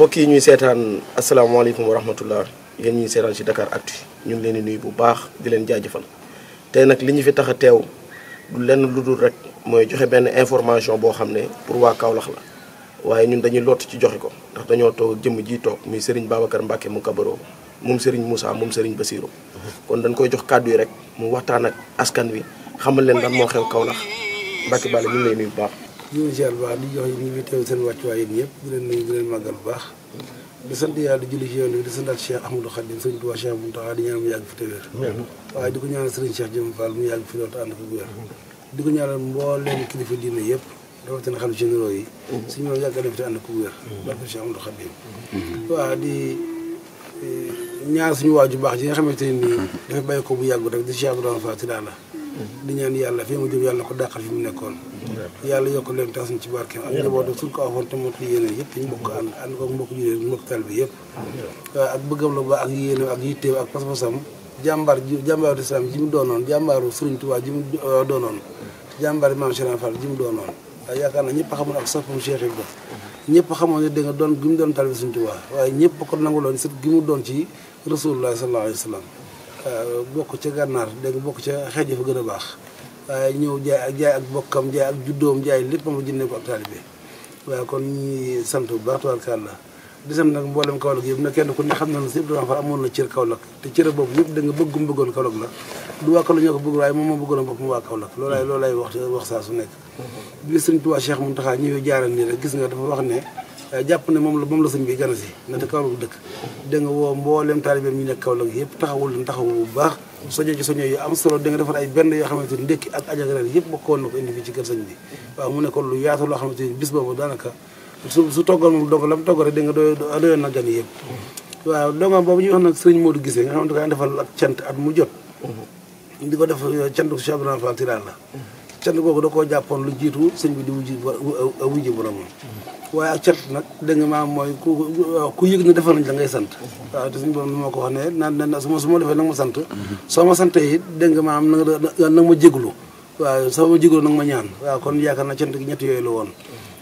bokk yi ñuy seetaan asalaamaaleykum wa rahmatullah yéen ñu seetaan ci Dakar Actu ñu ngi leen di nuyu bu baax di leen jaajëfal tey nag li ñu fi tax a teew du lenn lu dul rek mooy joxe benn information boo xam ne pour waa kawlax la waaye ñun dañuy lott ci joxe ko ndax dañoo toog ak jëmm ji toog muy Serigne Babacar Mbacke mu kabaroo moom Serigne Moussa moom Serigne Bassirou kon dañ koy jox kàddu yi rek mu waxtaan ak askan wi xamal leen lan moo xew Kaolack Mbacke Balla ñu ngi ñu ngi ziar baax di jox ñu ngi teew seen wàccuwaay yéen ñëpp di leen nuyu di leen màggal bu baax di sant yàlla di julli ci yoon bi di santaat Cheikh Ahmadou Khadim sëñ Tuubaa Cheikh bu mu taxaa di ñaan mu yàgg fi te wér waaye di ko ñaanal sëriñ Cheikh Jëm Fall mu yàgg fi lool te ko wér di ko ñaanal mbooleem kilifa diine yëpp rawatina xam généraux yi suñu moom yàgg fi te ànd ko wér barke Cheikh Ahmadou Khadim waaw di eh, ñaan suñu waaju baax ji nga xamante ne dafa bàyyi ko bu yàggu rek di Cheikh Abdoulaye Fall si di ñaan yàlla fi mu jëm yàlla ko dàqal fi mu nekkoon yàlla yokk leen tas ci barkeem ak njabootam suñ ko afoon te mot li yéene yëpp dañ bokk ànd ànd ko mbokk jullit mbokk tal yëpp waaw ak bëggam la ba ak yéene ak yitteem ak pas-pasam jàmbaar jàmbaaru islam ji mu doonoon jàmbaaru Sëriñ Tuubaa ji mu euh, doonoon jàmbaar Maam Cheikh Fall ji mu doonoon yaakaar naa ñëpp xamoon ak soppam Cheikh Ibra ñëpp xamoon ne da nga doon gi mu doon tal bi Sëriñ Tuubaa waaye ñëpp ko nangu loon sët gi mu doon ci Rasulullah sallallahu alayhi euh, bokk ca gànnaar dégg nga bokk ca xeej fa gën a baax waaye ñëw jaay ak jaay ak bokkam jaay ak juddoom jaay lépp ma jëndee ko ab taalibe waaye kon ñi sant bu baax tabaarkalla di sant nag mboolem Kaolack yëpp nag kenn ku ne xam na ne si Ibrahima Fall amoon na cër Kaolack te cër boobu yëpp da nga bëgg mu bëggoon Kaolack la du waa Kaolack ñoo ko bëgg waaye moom moo bëggoon bopp mu waa Kaolack loolaay loolaay wax wax saa su nekk bi sëñ Tuubaa Cheikh Mountakha ñëwee jaaral nii rek gis nga dafa wax ne eh, jàpp ne moom la moom la sëñ bi gana si ndaxte Kaolack dëkk da nga woo mboolem taalibeem ñu nekk Kaolack yëpp taxawul taxawu bu baax soño ci soño yi am solo da nga defar ay benn yoo xamante ni ndékki ak aja reer yëpp bokkoon na ko indi fii ci kër sëñ bi waaw mu nekkoon lu yaatu loo xamante ni bis boobu daanaka su su toggoon moom dong la mu togg rek da nga doyoon na gan yi yëpp waaw dongam boobu ñuy wax nag sëriñ Modou Gisee nga xamante ko defal ak cant at mu jot di ko def cantu Cheikh Ibrahima Fall Tilal la cat googu da koo jàppoon lu jiitu sëñ bi di wujji wujji boromam waaye ak cat nag da ma maam mooy ku ku yëg ne defal nañ la ngay sant waaw te suñu borom moo ko wax ne naan naan su ma su ma defee nag ma sant soo ma sante it da am na nga nag ma jéglu waaw soo ma jéglu nag ma ñaan waaw kon yaakaar naa cant gi ñett yooyu la woon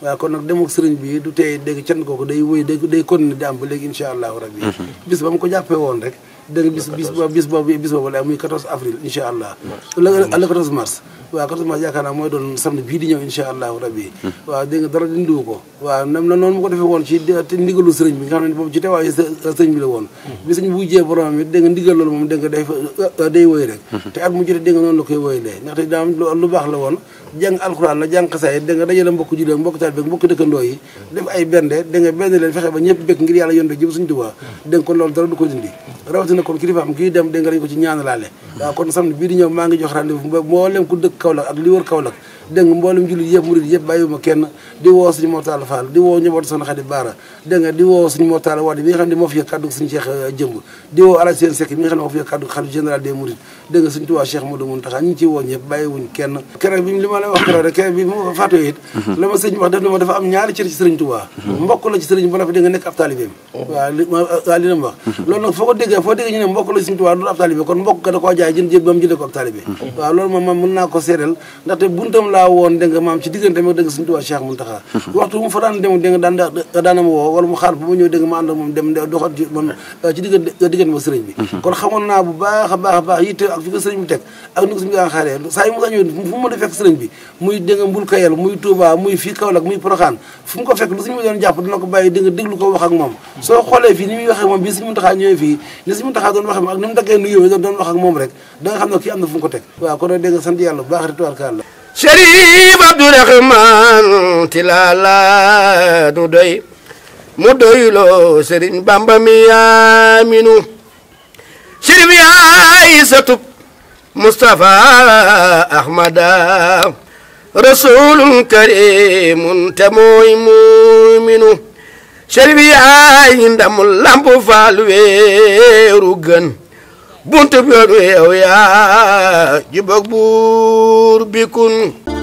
waaw kon nag dem ak bi du tey dégg cant kooku day wéy day day continuer di am ba léegi incha allahu rabbi mm-hmm. bis ba mu ko jàppee woon rek da nga gis bis boobu lay muy 14 avril incha allah la le mars waaw 14 mars yaakaar naa mooy doon samedi bii di ñëw incha allahu rabbi waaw dégg nga dara dindiwu ko waaw noonu mu ko defee woon ci ndigalu sëriñ bi nga xam ne boobu ci teewaayu sëriñ bi la woon bi sëriñ bu jee borom it ndigal loolu moom dégg nga woy rek te at mu jotee dégg noonu la koy woy lee ndaxte daam lu baax la woon jang alquran la jàng xasaay de nga dajale mbokk julle mbokk taal beeg mbokk dëkkandoo yi def ay bende de nga bende len fexe ba ñëpp bëgg ngir yalla yonde jibu suñu Tuubaa de ko lool dara du ko dindi rawatina kon kilifaam kii dem de nga dañ ko ci ñaanalaale wa kon samedi bi di ñew ma nga jox rendez-vous mboolem ku dëkk Kaolack ak li wër Kaolack de nga mboolem julli yëpp murid yëpp bayuma kenn di wo suñu Mortalla Fall di ñu njaboot sun Xadi bara de nga di wo suñu Mortalla wadi bi nga xam di mo fi kaddu suñu Cheikh jëmb di wo ala sen sek mi nga xam mo fi kaddu kàddu general euh, des murid de nga suñu Tuubaa Cheikh Modou Mountakha ñi ci wo woo ñëpp kenn keroog bi ma lay wax keroog rek bi mu faatoo it la ma sëñ wax def ne ma dafa am ñaari cër ci sëriñ Touba mbokk la ci sëriñ ba naa ko seedeel ndaxte buntam laa woon dégg maam ci diggante ma woo bi kon xamoon naa bu baax a baax a baax yitte ak fi ko sëriñ bi teg ak ni ko sëriñ bi daan xaaree saa yi mu sañoo fu mu mën a fekk sëriñ bi bi muy dégg nga mbulkayel muy Touba muy fii Kaolack muy Porokhane fu mu ko fekk lu suñu mu doon jàpp dina ko bàyyi dégg nga déglu ko wax ak moom soo xoolee fii ni muy waxee moom bii suñu Muntaxa ñëwee fii li suñu Muntaxa ni mu daggee nuyoo bi doon wax ak rek da nga xam ne kii am na fu mu ko teg waaw kon nag dégg nga sant yàlla bu baax rituwarkalla Chérif Abdourahman Tilala nu doy mu doyloo Serigne Bamba mi yaaminu Chérif yaay sa tub مصطفى أحمد رسول كريم تموي مؤمن شربي عين دم اللامب فالويرو gën buntu bi yoon wi yow yaa jubóog buur bi kun